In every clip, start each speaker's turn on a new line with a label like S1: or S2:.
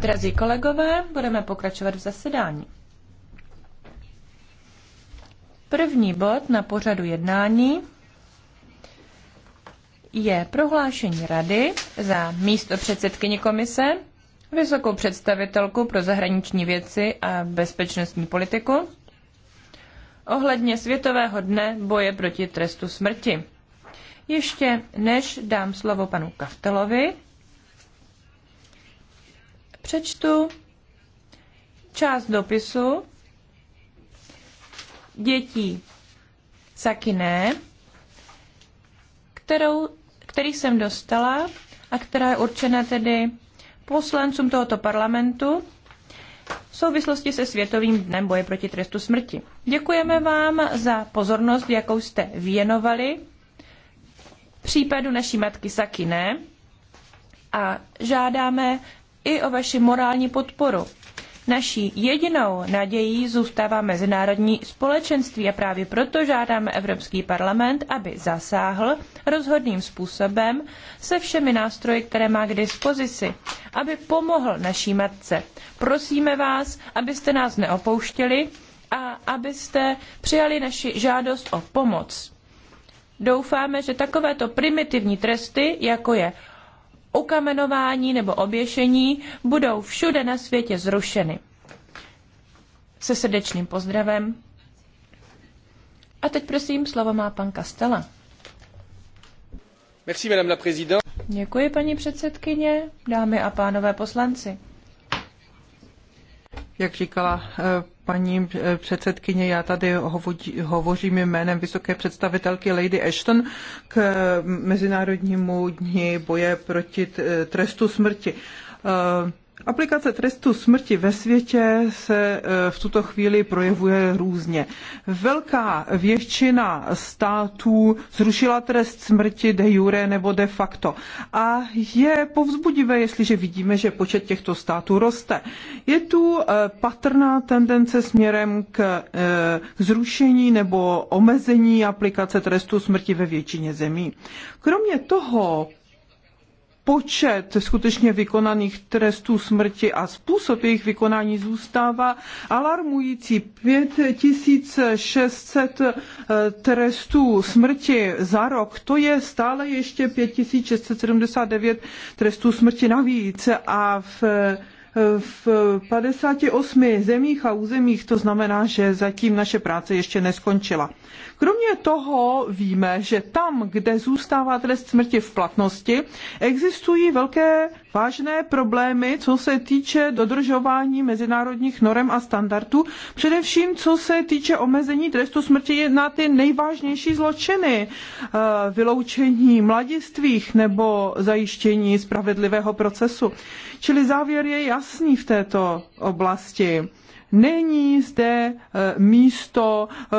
S1: Drazí kolegové, budeme pokračovat v zasedání. První bod na pořadu jednání je prohlášení Rady za místo předsedkyně komise, vysokou představitelku pro zahraniční věci a bezpečnostní politiku ohledně Světového dne boje proti trestu smrti. Ještě než dám slovo panu Kaftelovi, Přečtu část dopisu dětí Sakine, kterou, který jsem dostala a která je určena tedy poslancům tohoto parlamentu v souvislosti se Světovým dnem boje proti trestu smrti. Děkujeme vám za pozornost, jakou jste věnovali případu naší matky Sakine a žádáme i o vaši morální podporu. Naší jedinou nadějí zůstává mezinárodní společenství a právě proto žádáme Evropský parlament, aby zasáhl rozhodným způsobem se všemi nástroji, které má k dispozici, aby pomohl naší matce. Prosíme vás, abyste nás neopouštěli a abyste přijali naši žádost o pomoc. Doufáme, že takovéto primitivní tresty, jako je ukamenování nebo oběšení budou všude na světě zrušeny. Se srdečným pozdravem. A teď prosím, slovo má pan Kastela.
S2: Merci, madame la
S1: Děkuji, paní předsedkyně, dámy a pánové poslanci.
S2: Jak říkala eh, paní eh, předsedkyně, já tady hovořím jménem vysoké představitelky Lady Ashton k mm, Mezinárodnímu dní boje proti eh, trestu smrti eh, Aplikace trestu smrti ve světě se e, v tuto chvíli projevuje různě. Velká většina států zrušila trest smrti de jure nebo de facto. A je povzbudivé, jestliže vidíme, že počet těchto států roste. Je tu e, patrná tendence směrem e, k zrušení nebo omezení aplikace trestu smrti ve většině zemí. Kromě toho počet skutečně vykonaných trestů smrti a způsob jejich vykonání zůstává alarmující. 5600 eh, trestů smrti za rok, to je stále ještě 5679 trestů smrti navíc a v eh, v 58 zemích a územích, to znamená, že zatím naše práce ještě neskončila. Kromě toho víme, že tam, kde zůstává trest smrti v platnosti, existují velké vážné problémy, co se týče dodržování mezinárodních norem a standardů, především co se týče omezení trestu smrti na ty nejvážnější zločiny, eh, vyloučení mladistvých nebo zajištění spravedlivého procesu. Čili závěr je jasný v této oblasti Není zde eh, místo eh,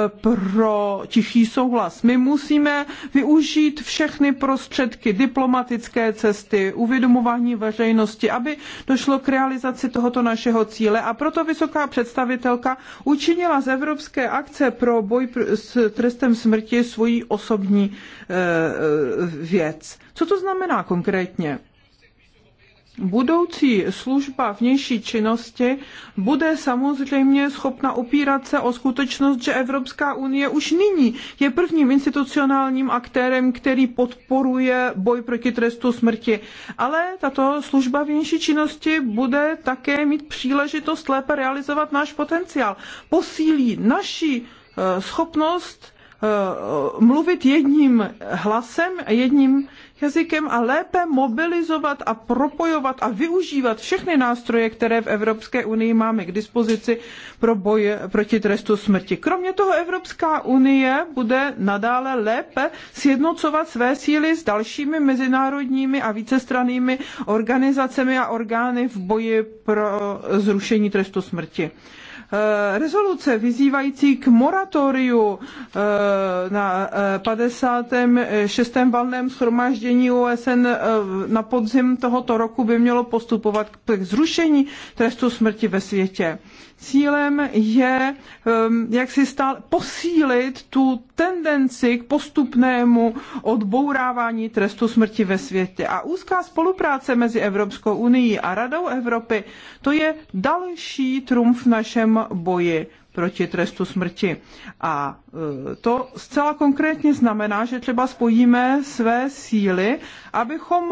S2: pro tichý souhlas. My musíme využít všechny prostředky, diplomatické cesty, uvědomování veřejnosti, aby došlo k realizaci tohoto našeho cíle. A proto vysoká představitelka učinila z Evropské akce pro boj s trestem smrti svoji osobní eh, věc. Co to znamená konkrétně? budoucí služba vnější činnosti bude samozřejmě schopna upírat se o skutečnost, že Evropská unie už nyní je prvním institucionálním aktérem, který podporuje boj proti trestu smrti. Ale tato služba vnější činnosti bude také mít příležitost lépe realizovat náš potenciál. Posílí naši eh, schopnost eh, mluvit jedním hlasem, jedním jazykem a lépe mobilizovat a propojovat a využívat všechny nástroje, které v Evropské unii máme k dispozici pro boj proti trestu smrti. Kromě toho Evropská unie bude nadále lépe sjednocovat své síly s dalšími mezinárodními a vícestrannými organizacemi a orgány v boji pro zrušení trestu smrti. Eh, rezoluce vyzývající k moratoriu eh, na 56. Eh, valném schromáždění OSN na podzim tohoto roku by mělo postupovat k zrušení trestu smrti ve světě. Cílem je, ehm, jak si stále posílit tu tendenci k postupnému odbourávání trestu smrti ve světě. A úzká spolupráce mezi Evropskou unii a Radou Evropy, to je další trumf v našem boji proti trestu smrti. A e, to zcela konkrétně znamená, že třeba spojíme své síly, abychom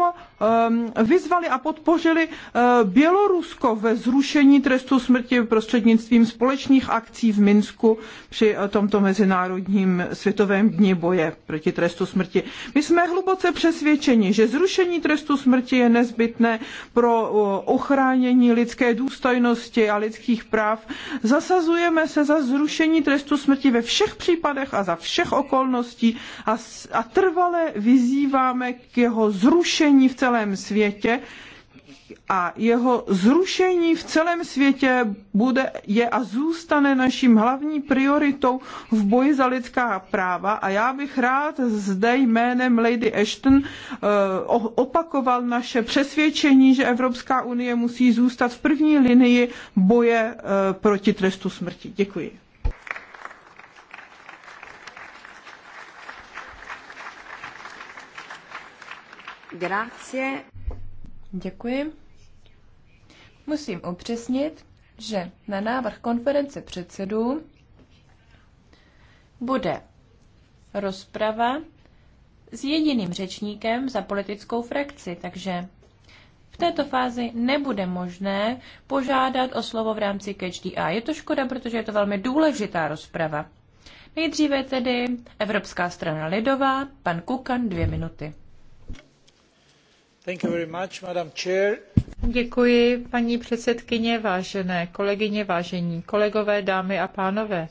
S2: vyzvali a podpořili e, Bělorusko ve zrušení trestu smrti prostřednictvím společných akcí v Minsku při e, tomto mezinárodním světovém dni boje proti trestu smrti. My jsme hluboce přesvědčeni, že zrušení trestu smrti je nezbytné pro ochránění lidské důstojnosti a lidských práv. Zasazujeme se za zrušení trestu smrti ve všech případech a za všech okolností a, a trvale vyzýváme k jeho zrušení v celém světě a jeho zrušení v celém světě bude, je a zůstane naším hlavní prioritou v boji za lidská práva a já bych rád zde jménem Lady Ashton eh, opakoval naše přesvědčení, že Evropská unie musí zůstat v první linii boje eh, proti trestu smrti. Děkuji.
S1: Grazie. Děkuji. Musím upřesnit, že na návrh konference předsedů bude rozprava s jediným řečníkem za politickou frakci, takže v této fázi nebude možné požádat o slovo v rámci Catch the Eye. Je to škoda, protože je to velmi důležitá rozprava. Nejdříve tedy Evropská strana lidová,
S3: pan Kukan, dvě minuty. Děkuji, paní předsedkyně, vážené kolegyně, vážení kolegové, dámy a pánové.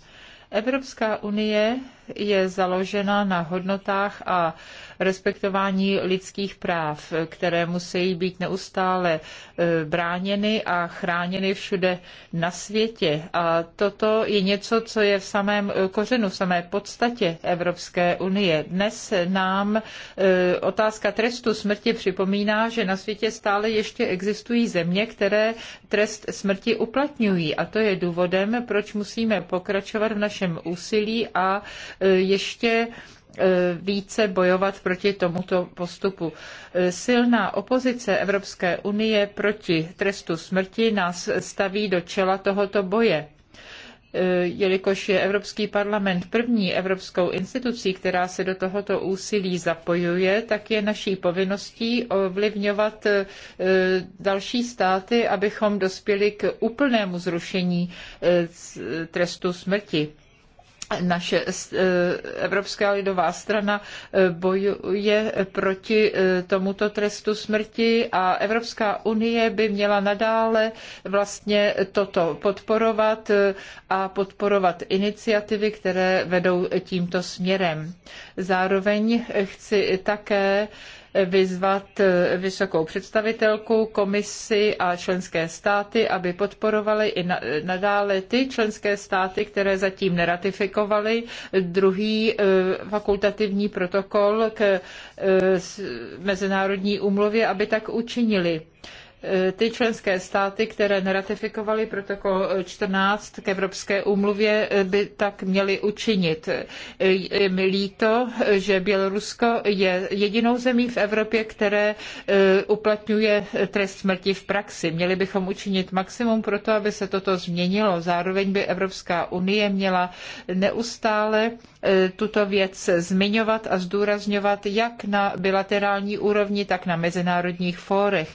S3: Evropská unie je založena na hodnotách a respektování lidských práv, které musí být neustále e, bráněny a chráněny všude na světě. A toto je něco, co je v samém e, kořenu, v samé podstatě Evropské unie. Dnes nám e, otázka trestu smrti připomíná, že na světě stále ještě existují země, které trest smrti uplatňují. A to je důvodem, proč musíme pokračovat v našem úsilí a Eh, ještě eh, více bojovat proti tomuto postupu. Eh, silná opozice Evropské unie proti trestu smrti nás staví do čela tohoto boje jelikož je Evropský parlament první evropskou institucí, která se do tohoto úsilí zapojuje, tak je naší povinností ovlivňovat další státy, abychom dospěli k úplnému zrušení trestu smrti naše eh, Evropská lidová strana eh, bojuje proti eh, tomuto trestu smrti a Evropská unie by měla nadále vlastně toto podporovat a podporovat iniciativy, které vedou tímto směrem. Zároveň chci také vyzvat eh, vysokou představitelku, komisi a členské státy, aby podporovaly i eh, nadále ty členské státy, které zatím neratifikovaly druhý eh, fakultativní protokol k Mezinárodní úmluvě, aby tak učinili. Eh, ty členské státy, které neratifikovaly protokol 14 k Evropské úmluvě, eh, by tak měly učinit. Eh, je mi líto, že Bělorusko je jedinou zemí v Evropě, které uplatňuje trest smrti v praxi. Měli bychom učinit maximum pro to, aby se toto změnilo. Zároveň by Evropská unie měla neustále tuto věc zmiňovat a zdůrazňovat jak na bilaterální úrovni, tak na mezinárodních fórech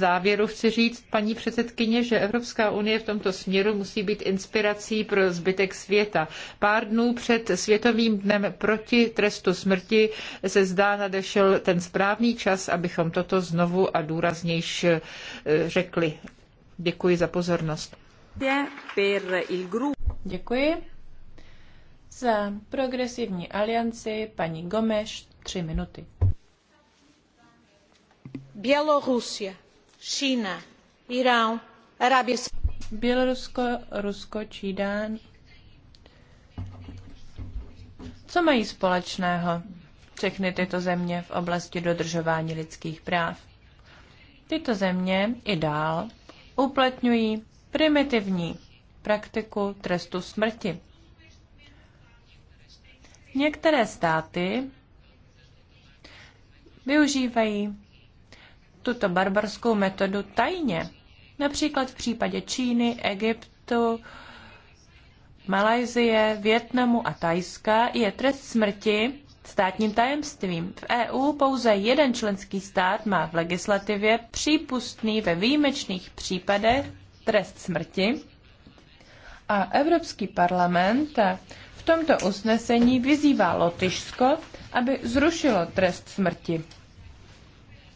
S3: závěru chci říct, paní předsedkyně, že Evropská unie v tomto směru musí být inspirací pro zbytek světa. Pár dnů před Světovým dnem proti trestu smrti se zdá nadešel ten správný čas, abychom toto znovu a důraznějš eh, řekli. Děkuji za pozornost.
S1: Děkuji. Za progresivní alianci paní Gomeš tři minuty. Bělorusie Čína, írán Arábie Bělorusko, Rusko, Čídán. Co mají společného všechny tyto země v oblasti dodržování lidských práv? Tyto země i dál uplatňují primitivní praktiku trestu smrti. Některé státy využívají tuto barbarskou metodu tajně. Například v případě Číny, Egyptu, Malajzie, Větnamu a Tajska je trest smrti státním tajemstvím. V EU pouze jeden členský stát má v legislativě přípustný ve výjimečných případech trest smrti a Evropský parlament v tomto usnesení vyzývá Lotyšsko, aby zrušilo trest smrti.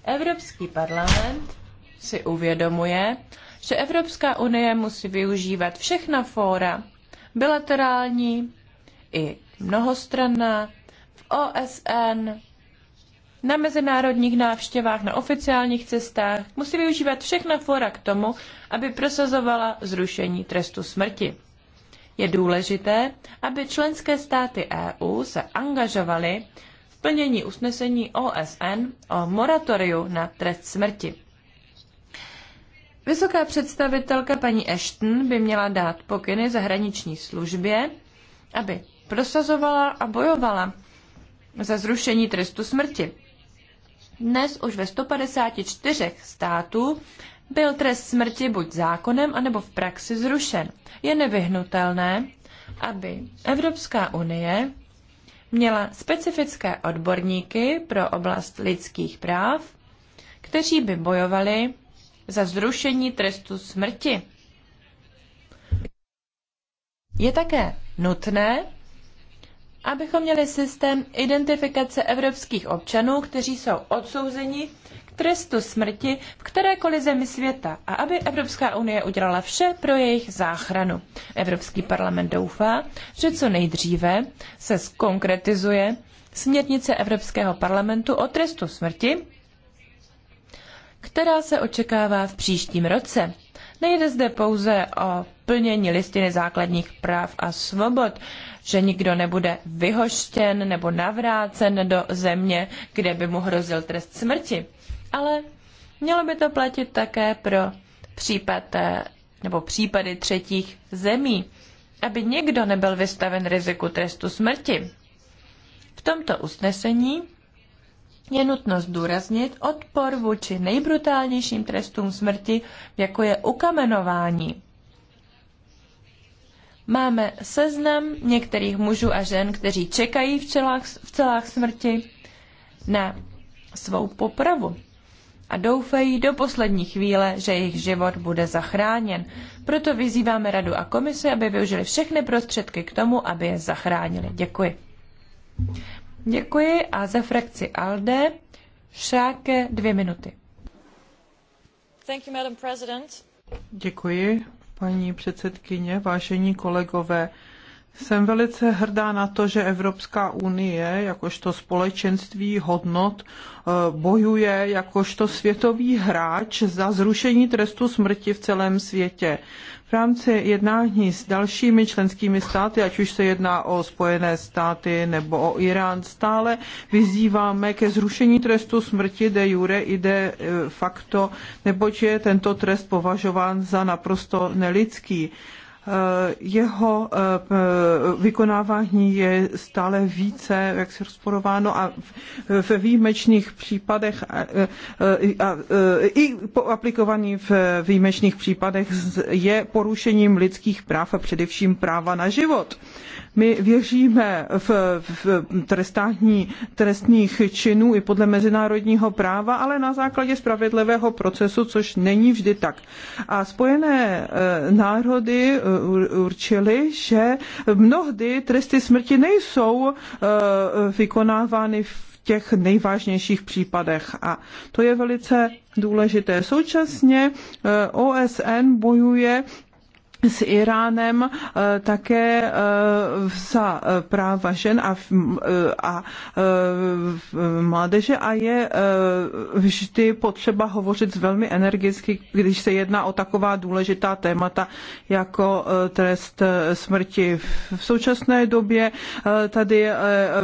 S1: Evropský parlament si uvědomuje, že Evropská unie musí využívat všechna fóra, bilaterální i mnohostranná, v OSN, na mezinárodních návštěvách, na oficiálních cestách, musí využívat všechna fóra k tomu, aby prosazovala zrušení trestu smrti. Je důležité, aby členské státy EU se angažovaly plnění usnesení OSN o moratoriu na trest smrti. Vysoká představitelka paní Ashton by měla dát pokyny zahraniční službě, aby prosazovala a bojovala za zrušení trestu smrti. Dnes už ve 154 států byl trest smrti buď zákonem, anebo v praxi zrušen. Je nevyhnutelné, aby Evropská unie měla specifické odborníky pro oblast lidských práv, kteří by bojovali za zrušení trestu smrti. Je také nutné, abychom měli systém identifikace evropských občanů, kteří jsou odsouzeni trestu smrti v kterékoliv zemi světa a aby Evropská unie udělala vše pro jejich záchranu. Evropský parlament doufá, že co nejdříve se skonkretizuje směrnice Evropského parlamentu o trestu smrti, která se očekává v příštím roce. Nejde zde pouze o plnění listiny základních práv a svobod, že nikdo nebude vyhoštěn nebo navrácen do země, kde by mu hrozil trest smrti. Ale mělo by to platit také pro případ eh, nebo případy třetích zemí, aby nikdo nebyl vystaven riziku trestu smrti. V tomto usnesení je nutno zdůraznit odpor vůči nejbrutálnějším trestům smrti, jako je ukamenování. Máme seznam některých mužů a žen, kteří čekají v celách, v celách smrti na svou popravu a doufají do poslední chvíle, že jejich život bude zachráněn. Proto vyzýváme radu a komisi, aby využili všechny prostředky k tomu, aby je zachránili. Děkuji. Děkuji a za
S2: frakci ALDE šáke dvě minuty.
S1: Thank you, Madam President.
S2: Děkuji, paní předsedkyně, vážení kolegové. Jsem velice hrdá na to, že Evropská unie jakožto společenství hodnot e, bojuje jakožto světový hráč za zrušení trestu smrti v celém světě. V rámci jednání s dalšími členskými státy, ať už se jedná o Spojené státy nebo o Irán, stále vyzýváme ke zrušení trestu smrti de jure i de e, facto, neboť je tento trest považován za naprosto nelidský jeho eh, eh, vykonávání je stále více jak se rozporováno a ve výjimečných případech a, a, a, i po aplikovaní v výjimečných případech je porušením lidských práv a především práva na život. My věříme v, v trestání trestných činů i podle mezinárodního práva, ale na základě spravedlivého procesu, což není vždy tak. A spojené eh, národy určili, že mnohdy tresty smrti nejsou eh, vykonávány v těch nejvážnějších případech. A to je velice důležité. Současně eh, OSN bojuje s Iránem eh, také eh, za eh, práva žen a, a mládeže a je vždy potřeba hovořit velmi energicky, když se jedná o taková důležitá témata jako trest smrti. V současné době tady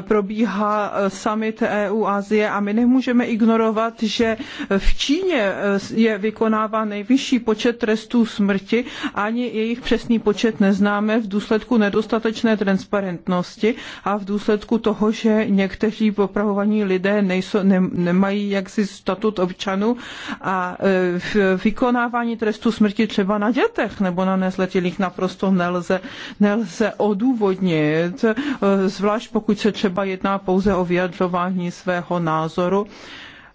S2: probíhá summit EU Asie a my nemůžeme ignorovat, že v Číně je vykonává nejvyšší počet trestů smrti, ani její jejich přesný počet neznáme v důsledku nedostatečné transparentnosti a v důsledku toho, že někteří popravovaní lidé nejsou, ne, nemají jaksi statut občanů a e, v vykonávání trestu smrti třeba na dětech nebo na nezletilých naprosto nelze, nelze odůvodnit, e, zvlášť pokud se třeba jedná pouze o vyjadřování svého názoru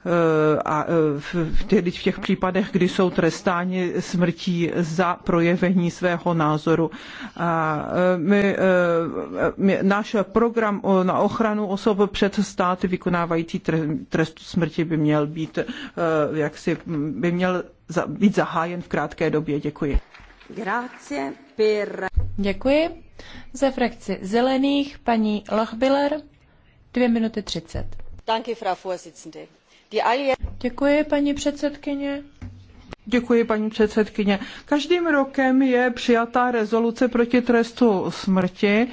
S2: Eh, a eh, tedy v těch případech, kdy jsou trestáni smrtí za projevení svého názoru. A eh, my, my, náš program na ochranu osob před státy vykonávající trest smrti by měl být, jak si, by měl být zahájen v krátké době. Děkuji.
S1: Děkuji. Za frakci zelených paní Lochbiller dvě minuty třicet. Danke, Frau Vorsitzende Děkuji, paní předsedkyně.
S2: Děkuji, paní předsedkyně. Každým rokem je přijatá rezoluce proti trestu smrti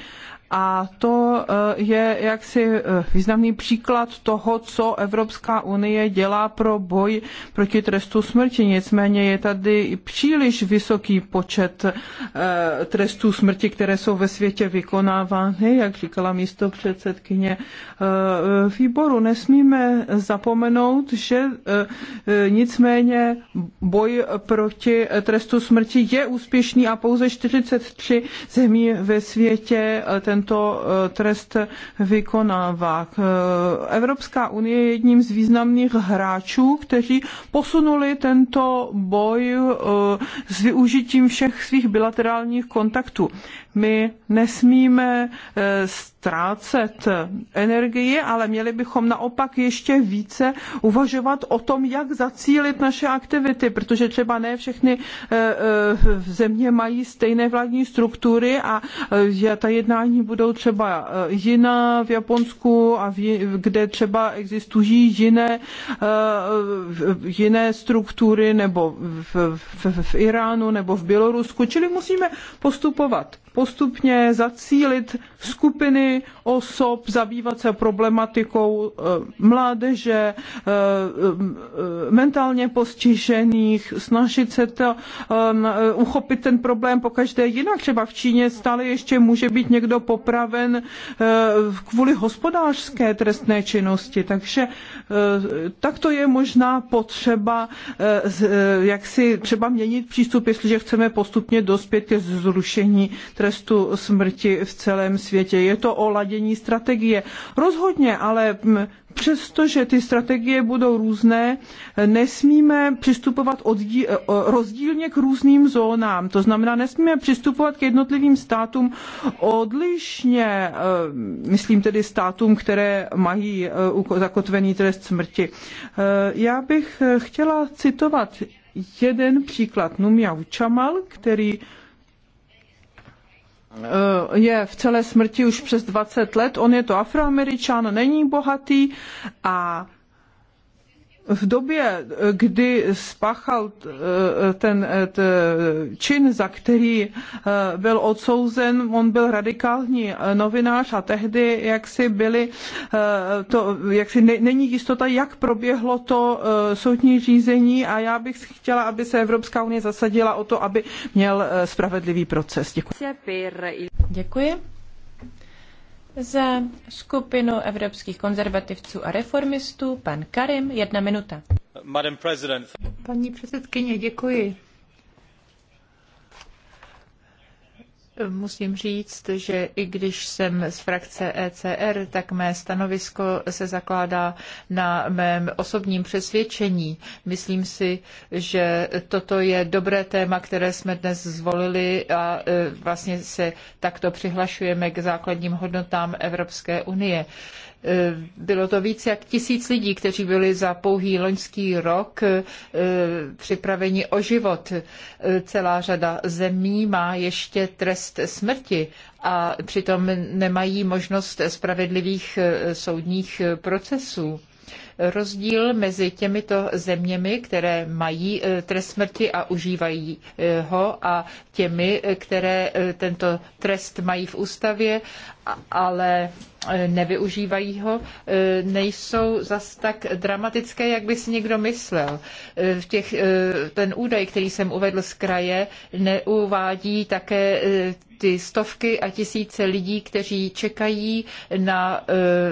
S2: a to eh, je jaksi eh, významný příklad toho, co Evropská unie dělá pro boj proti trestu smrti. Nicméně je tady příliš vysoký počet eh, trestů smrti, které jsou ve světě vykonávány, jak říkala místo předsedkyně výboru. Nesmíme zapomenout, že nicméně boj proti trestu smrti je úspěšný a pouze 43 zemí ve světě ten tento eh, trest vykonává. Eh, Evropská unie je jedním z významných hráčů, kteří posunuli tento boj eh, s využitím všech svých bilaterálních kontaktů. My nesmíme eh, ztrácet energii, ale měli bychom naopak ještě více uvažovat o tom, jak zacílit naše aktivity, protože třeba ne všechny eh, eh, země mají stejné vládní struktury a ta jednání budou třeba jiná v Japonsku, a kde třeba existují jiné, jiné struktury nebo v, v, v Iránu nebo v Bělorusku, čili musíme postupovat postupně zacílit skupiny osob, zabývat se problematikou eh, mládeže, eh, eh, mentálně postižených, snažit se to uchopit ten problém každé jinak. Třeba v Číně stále ještě může být někdo popraven kvůli hospodářské trestné činnosti. Takže takto je možná potřeba jak si třeba měnit přístup, jestliže chceme postupně dospět ke zrušení trestné trestu smrti v celém světě. Je to o ladění strategie. Rozhodně, ale přestože ty strategie budou různé, nesmíme přistupovat e, rozdílně k různým zónám. To znamená, nesmíme přistupovat k jednotlivým státům odlišně, e, myslím tedy státům, které mají e, zakotvený trest smrti. Já bych chtěla citovat jeden příklad Numia Čamal, který Eh, je v celé smrti už přes 20 let, on je to afroameričan, není bohatý a v době, kdy spáchal eh, ten eh, čin, za který eh, byl odsouzen, on byl radikální novinář a tehdy jaksi byly, to, jaksi není jistota, jak proběhlo to soudní řízení a já bych chtěla, aby se Evropská unie zasadila o to, aby měl spravedlivý proces.
S1: Děkuji. Děkuji. Za skupinu evropských konzervativců a reformistů pan Karim, jedna minuta. Paní předsedkyně, děkuji.
S3: musím říct, že i když jsem z frakce ECR, tak mé stanovisko se zakládá na mém osobním přesvědčení. Myslím si, že toto je dobré téma, které jsme dnes zvolili a e, vlastně se takto přihlašujeme k základním hodnotám Evropské unie. Eh, bylo to více jak tisíc lidí, kteří byli za pouhý loňský rok eh, připraveni o život. Eh, celá řada zemí má ještě trest smrti a přitom nemají možnost spravedlivých soudních procesů rozdíl mezi těmito zeměmi, které mají e, trest smrti a užívají e, ho, a těmi, e, které tento trest mají v ústavě, ale nevyužívají ho, nejsou zas tak dramatické, jak by si někdo myslel. V těch, ten údaj, který jsem uvedl z kraje, neuvádí také ty stovky a tisíce lidí, kteří čekají na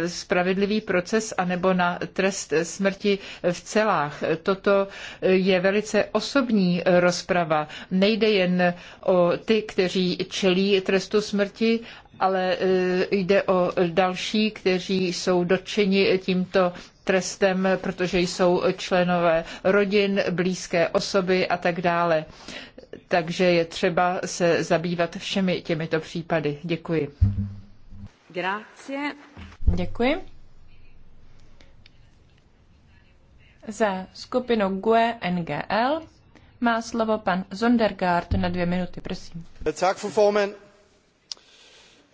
S3: spravedlivý proces anebo na trest trest smrti v celách. Toto je velice osobní rozprava. Nejde jen o ty, kteří čelí trestu smrti, ale e, jde o další, kteří jsou dotčeni tímto trestem, protože jsou členové rodin, blízké osoby a tak dále. Takže je třeba se zabývat všemi těmito případy. Děkuji.
S1: Grazie. Děkuji. Za skupinu GUE NGL má
S3: slovo pan Zondergaard na dvě minuty, prosím.
S2: Øh,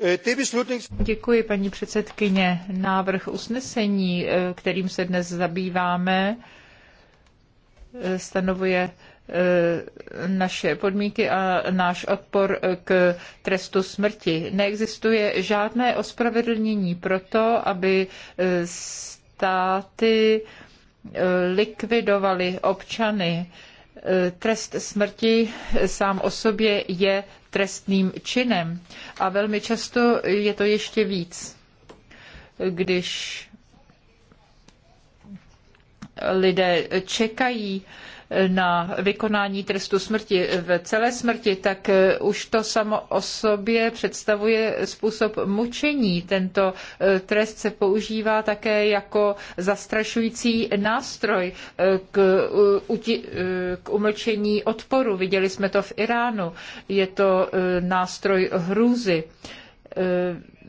S3: er Děkuji, paní předsedkyně. Návrh usnesení, eh, kterým se dnes zabýváme, eh, stanovuje eh, naše podmínky a náš odpor k trestu smrti. Neexistuje žádné ospravedlnění pro to, aby státy likvidovali občany. Eh, trest smrti sám o sobě je trestným činem a velmi často je to ještě víc, když lidé čekají na vykonání trestu smrti v celé smrti, tak eh, už to samo o sobě představuje způsob mučení. Tento eh, trest se používá také jako zastrašující nástroj eh, k, k umlčení odporu. Viděli jsme to v Iránu. Je to nástroj hrůzy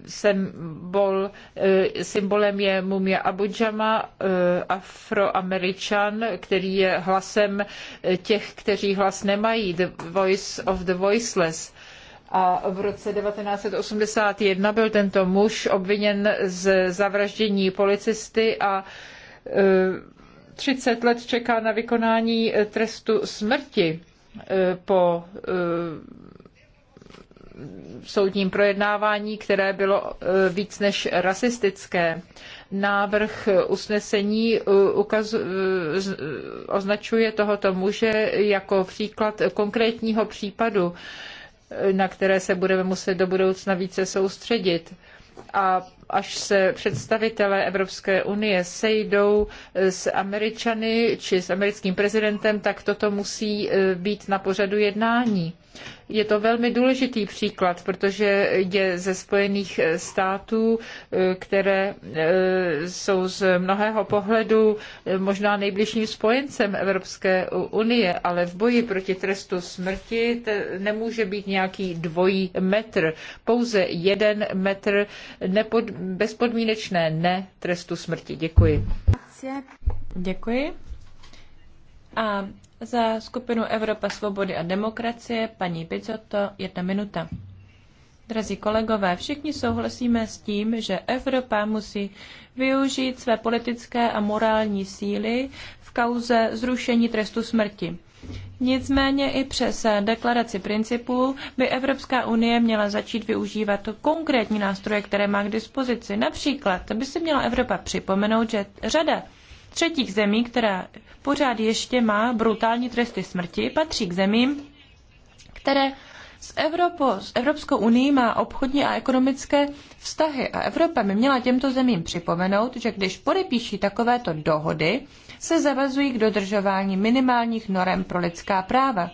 S3: symbol, eh, symbolem je mumie Abujama, eh, afroameričan, který je hlasem eh, těch, kteří hlas nemají, the voice of the voiceless. A v roce 1981 byl tento muž obviněn z zavraždění policisty a 30 let čeká na vykonání trestu smrti po soudním projednávání, které bylo e, víc než rasistické. Návrh usnesení e, ukaz, e, označuje tohoto muže jako příklad konkrétního případu, na které se budeme muset do budoucna více soustředit a až se představitelé Evropské unie sejdou s Američany či s americkým prezidentem, tak toto musí být na pořadu jednání. Je to velmi důležitý příklad, protože je ze Spojených států, eh, které eh, jsou z mnohého pohledu eh, možná nejbližším spojencem Evropské unie, ale v boji proti trestu smrti nemůže být nějaký dvojí metr, pouze jeden metr nepod, bezpodmínečné ne trestu smrti. Děkuji. Děkuji. A za skupinu Evropa
S1: svobody a demokracie paní Pizzotto jedna minuta. Drazí kolegové, všichni souhlasíme s tím, že Evropa musí využít své politické a morální síly v kauze zrušení trestu smrti. Nicméně i přes deklaraci principů by Evropská unie měla začít využívat konkrétní nástroje, které má k dispozici. Například by si měla Evropa připomenout, že řada třetích zemí, která pořád ještě má brutální tresty smrti, patří k zemím, které s, Evropo, s Evropskou unii má obchodní a ekonomické vztahy a Evropa by měla těmto zemím připomenout, že když podepíší takovéto dohody, se zavazují k dodržování minimálních norem pro lidská práva.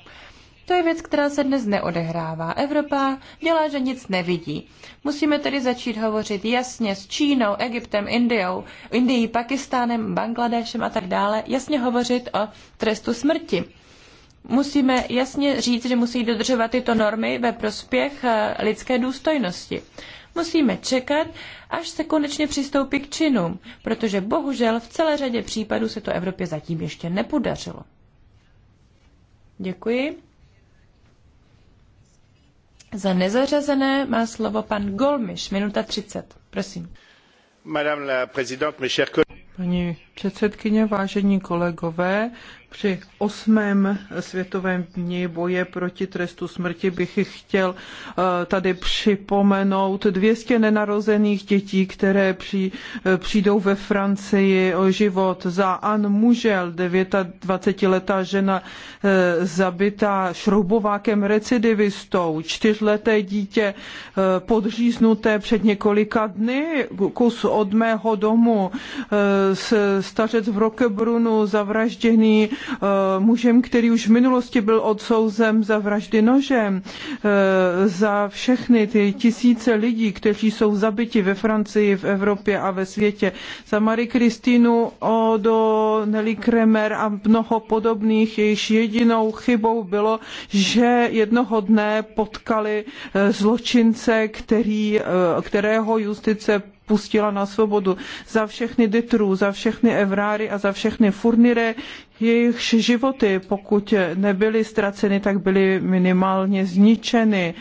S1: To je věc, která se dnes neodehrává. Evropa dělá, že nic nevidí. Musíme tedy začít hovořit jasně s Čínou, Egyptem, Indiou, Indií, Pakistánem, Bangladešem a tak dále. Jasně hovořit o trestu smrti. Musíme jasně říct, že musí dodržovat tyto normy ve prospěch eh, lidské důstojnosti. Musíme čekat, až se konečně přistoupí k činům, protože bohužel v celé řadě případů se to Evropě zatím ještě nepodařilo. Děkuji. Za nezařazené má slovo pan
S2: Golmiš, minuta 30. Prosím.
S1: Madame la présidente, mes chers
S2: Paní předsedkyně, vážení kolegové, při osmém světovém dní boje proti trestu smrti bych chtěl eh, tady připomenout 200 nenarozených dětí, které při eh, přijdou ve Francii o život. Za Anne Mužel, 29-letá žena eh, zabitá šroubovákem recidivistou, čtyřleté dítě podříznuté před několika dny, kus od mého domu, stařec v Rokebrunu zavražděný Eh, mužem, který už v minulosti byl odsouzen za vraždy nožem, eh, za všechny ty tisíce lidí, kteří jsou zabiti ve Francii, v Evropě a ve světě, za Marie Kristinu, Odo, Nelly Kremer a mnoho podobných, jejichž jedinou chybou bylo, že jednoho dne potkali eh, zločince, který, kterého justice pustila na svobodu. Za všechny detru, za všechny Evráry a za všechny Furnire, jejichž životy, pokud nebyly ztraceny, tak byly minimálně zničeny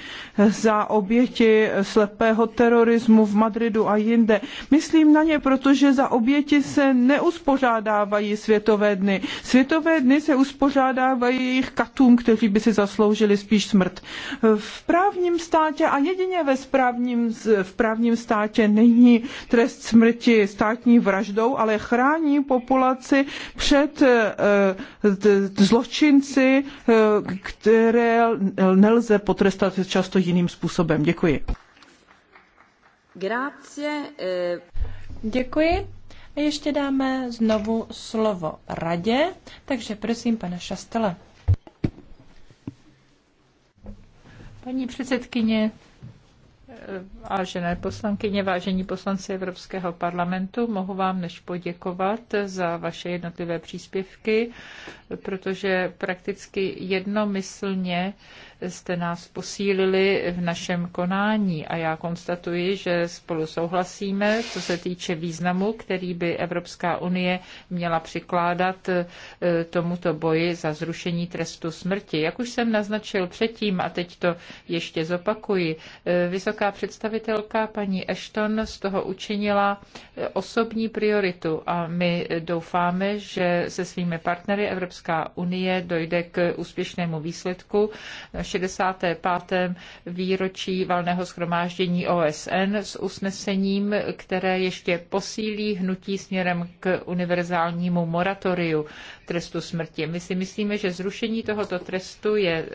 S2: za oběti slepého terorismu v Madridu a jinde. Myslím na ně, protože za oběti se neuspořádávají světové dny. Světové dny se uspořádávají jejich katům, kteří by si zasloužili spíš smrt. V právním státě a jedině ve správním, v právním státě není trest smrti státní vraždou, ale chrání populaci před eh, Eh, zločinci, eh, které nelze potrestat často jiným způsobem. Děkuji.
S1: Grazie. Eh. Děkuji. Ještě dáme znovu slovo radě, takže prosím pana Šastele.
S3: Paní předsedkyně, Vážené poslankyně, vážení poslanci Evropského parlamentu, mohu vám než poděkovat za vaše jednotlivé příspěvky, protože prakticky jednomyslně jste nás posílili v našem konání a já konstatuji, že spolu souhlasíme, co se týče významu, který by Evropská unie měla přikládat e, tomuto boji za zrušení trestu smrti. Jak už jsem naznačil předtím, a teď to ještě zopakuji, e, vysoká představitelka paní Ashton z toho učinila e, osobní prioritu a my doufáme, že se svými partnery Evropská unie dojde k úspěšnému výsledku. Naši 65. výročí valného schromáždění OSN s usnesením, které ještě posílí hnutí směrem k univerzálnímu moratoriu trestu smrti. My si myslíme, že zrušení tohoto trestu je e,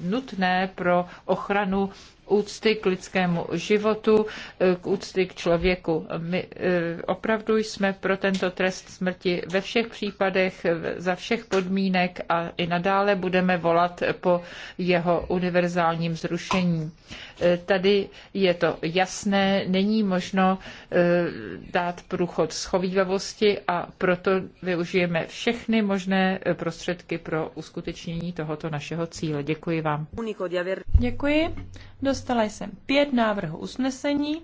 S3: nutné pro ochranu úcty k lidskému životu, eh, k úcty k člověku. My eh, opravdu jsme pro tento trest smrti ve všech případech, eh, za všech podmínek a i nadále budeme volat po jeho univerzálním zrušení. Tady je to jasné, není možno dát průchod schovývavosti a proto využijeme všechny možné prostředky pro uskutečnění tohoto našeho cíle. Děkuji vám.
S1: Děkuji. Dostala jsem pět návrhů usnesení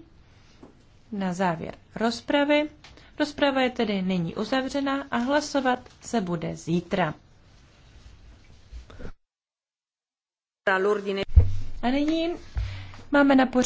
S1: na závěr rozpravy. Rozprava je tedy nyní uzavřena a hlasovat se bude zítra. A nyní máme na pořadu